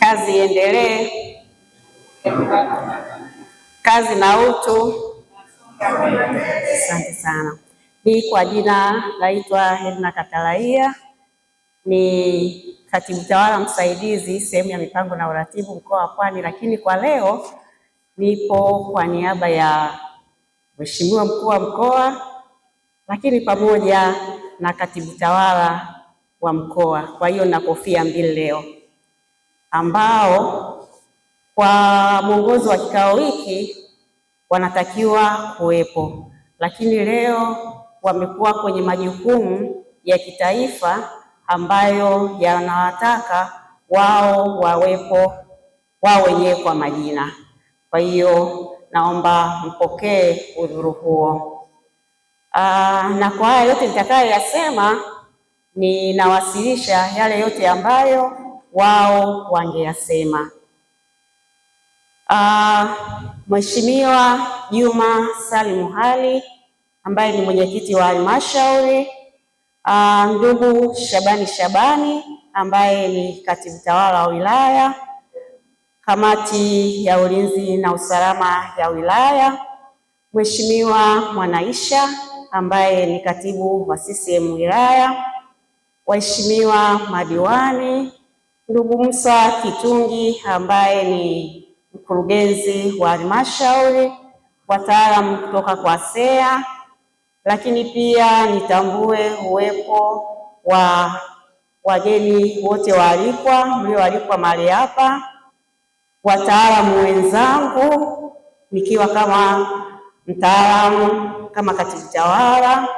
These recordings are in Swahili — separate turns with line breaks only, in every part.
Kazi iendelee, kazi na utu. Asante sana. ni kwa jina naitwa Helena Katalaia, ni katibu tawala msaidizi sehemu ya mipango na uratibu mkoa wa Pwani, lakini kwa leo nipo kwa niaba ya Mheshimiwa mkuu wa mkoa, lakini pamoja na katibu tawala wa mkoa. Kwa hiyo na kofia mbili leo ambao kwa mwongozo wa kikao hiki wanatakiwa kuwepo, lakini leo wamekuwa kwenye majukumu ya kitaifa ambayo yanawataka wao wawepo wao wenyewe kwa majina. Kwa hiyo naomba mpokee udhuru huo. Aa, na kwa haya yote nitakayoyasema ninawasilisha yale yote ambayo wao wangeyasema. Uh, Mheshimiwa Juma Salimu Hali ambaye ni mwenyekiti wa halmashauri uh, ndugu Shabani Shabani ambaye ni katibu tawala wa wilaya, kamati ya ulinzi na usalama ya wilaya, Mheshimiwa Mwanaisha ambaye ni katibu wa CCM wilaya, waheshimiwa madiwani Ndugu Musa Kitungi ambaye ni mkurugenzi wa halmashauri, wataalamu kutoka kwa SEA, lakini pia nitambue uwepo wa wageni wote waalikwa, mlioalikwa mahali hapa, wataalamu wenzangu, nikiwa kama mtaalamu kama katibu tawala,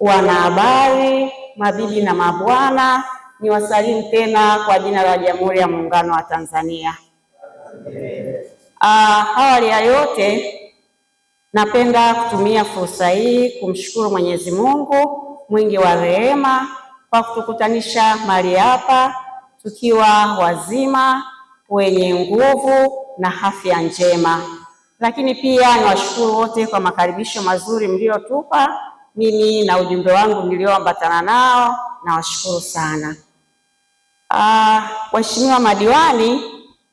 wanahabari, mabibi na mabwana ni wasalimu tena kwa jina la Jamhuri ya Muungano wa Tanzania. Uh, awali ya yote napenda kutumia fursa hii kumshukuru Mwenyezi Mungu mwingi wa rehema kwa kutukutanisha mahali hapa tukiwa wazima wenye nguvu na afya njema, lakini pia niwashukuru wote kwa makaribisho mazuri mliotupa. Mimi na ujumbe wangu nilioambatana nao nawashukuru sana waheshimiwa ah, madiwani,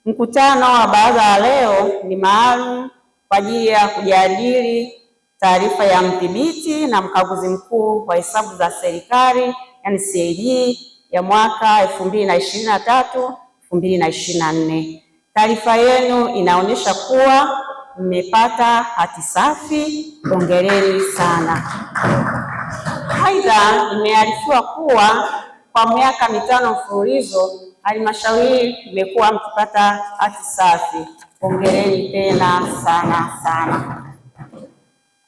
mkutano wa baraza ya leo ni maalum kwa ajili ya kujadili taarifa ya mdhibiti na mkaguzi mkuu wa hesabu za serikali yani CAG ya mwaka elfu mbili na na tatu elfu mbili na na nne. Taarifa yenu inaonyesha kuwa mmepata hati safi, hongereni sana. Aidha, imearifiwa kuwa kwa miaka mitano mfululizo halmashauri imekuwa mkipata hati safi. Hongereni tena sana sana.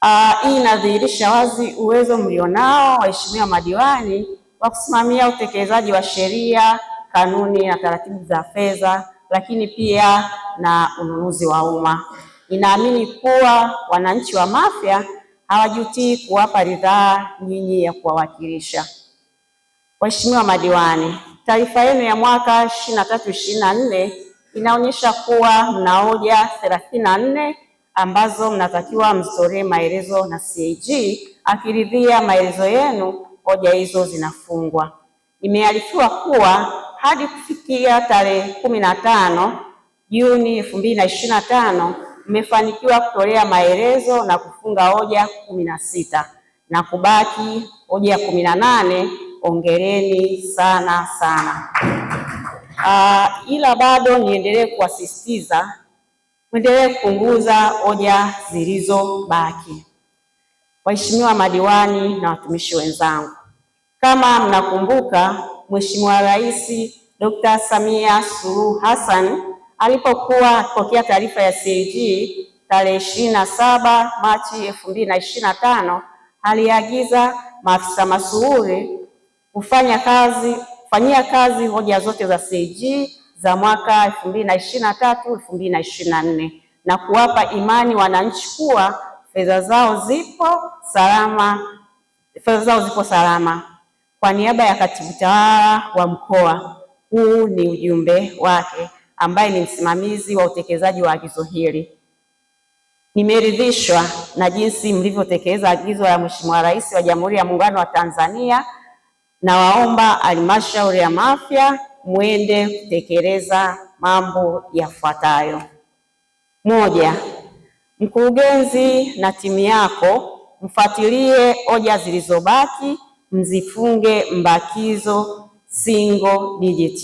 Aa, ah, hii inadhihirisha wazi uwezo mlionao waheshimiwa madiwani wa kusimamia utekelezaji wa sheria, kanuni na taratibu za fedha, lakini pia na ununuzi wa umma. Inaamini kuwa wananchi wa Mafia hawajutii kuwapa ridhaa nyinyi ya kuwawakilisha. Waheshimiwa madiwani, taarifa yenu ya mwaka 23 24 inaonyesha kuwa mna hoja 34 ambazo mnatakiwa mstolee maelezo na CAG. Akiridhia maelezo yenu, hoja hizo zinafungwa. Imearifiwa kuwa hadi kufikia tarehe kumi na tano Juni elfu mbili na ishirini na tano mmefanikiwa kutolea maelezo na kufunga hoja kumi na sita na kubaki hoja kumi na nane Ongereni sana sana. Uh, ila bado niendelee kuwasisitiza mwendelee kupunguza hoja zilizobaki. Waheshimiwa madiwani na watumishi wenzangu, kama mnakumbuka, Mheshimiwa Rais Dr. Samia Suluhu Hassan alipokuwa akipokea taarifa ya CAG tarehe ishirini na saba Machi elfu mbili na ishirini na tano aliagiza maafisa masuhuri kufanya kazi kufanyia kazi hoja zote za CAG za mwaka 2023 2024 na na na kuwapa imani wananchi kuwa fedha zao zipo salama, fedha zao zipo salama. Kwa niaba ya katibu tawala wa mkoa, huu ni ujumbe wake, ambaye ni msimamizi wa utekelezaji wa agizo hili. Nimeridhishwa na jinsi mlivyotekeleza agizo la Mheshimiwa Rais wa Jamhuri ya Muungano wa Tanzania Nawaomba halmashauri ya Mafia mwende kutekeleza mambo yafuatayo. Moja, mkurugenzi na timu yako mfuatilie hoja zilizobaki, mzifunge mbakizo single digit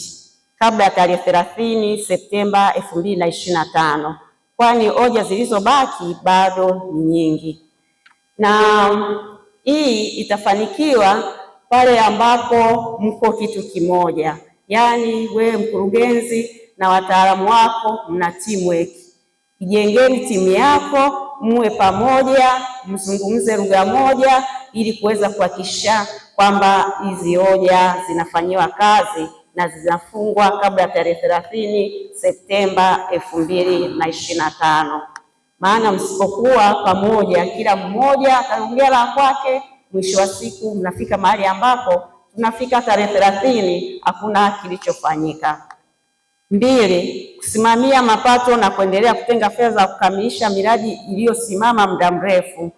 kabla ya tarehe thelathini Septemba elfu mbili na ishirini na tano kwani hoja zilizobaki bado ni nyingi, na hii itafanikiwa pale ambapo mko kitu kimoja, yaani wewe mkurugenzi na wataalamu wako mna teamwork. Ijengeni timu yako, muwe pamoja, mzungumze lugha moja, ili kuweza kuhakikisha kwamba hizi hoja zinafanyiwa kazi na zinafungwa kabla ya tarehe thelathini Septemba elfu mbili na ishirini na tano. Maana msipokuwa pamoja, kila mmoja ataongea la kwake mwisho wa siku mnafika mahali ambapo tunafika tarehe thelathini hakuna kilichofanyika. Mbili, kusimamia mapato na kuendelea kutenga fedha za kukamilisha miradi iliyosimama muda mrefu,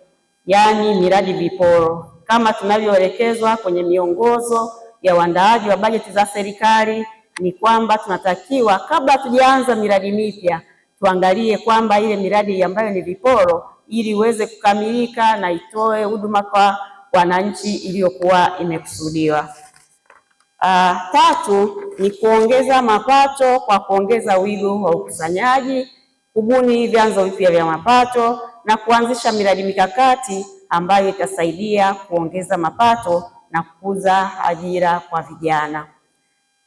yaani miradi viporo, kama tunavyoelekezwa kwenye miongozo ya uandaaji wa bajeti za serikali ni kwamba tunatakiwa kabla tujaanza miradi mipya tuangalie kwamba ile miradi ambayo ni viporo ili iweze kukamilika na itoe huduma kwa wananchi iliyokuwa imekusudiwa. Uh, tatu ni kuongeza mapato kwa kuongeza wigo wa ukusanyaji, kubuni vyanzo vipya vya mapato na kuanzisha miradi mikakati ambayo itasaidia kuongeza mapato na kukuza ajira kwa vijana.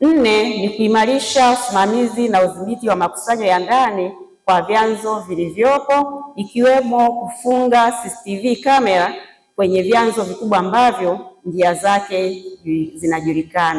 Nne ni kuimarisha usimamizi na udhibiti wa makusanyo ya ndani kwa vyanzo vilivyopo ikiwemo kufunga CCTV kamera kwenye vyanzo vikubwa ambavyo njia zake zinajulikana.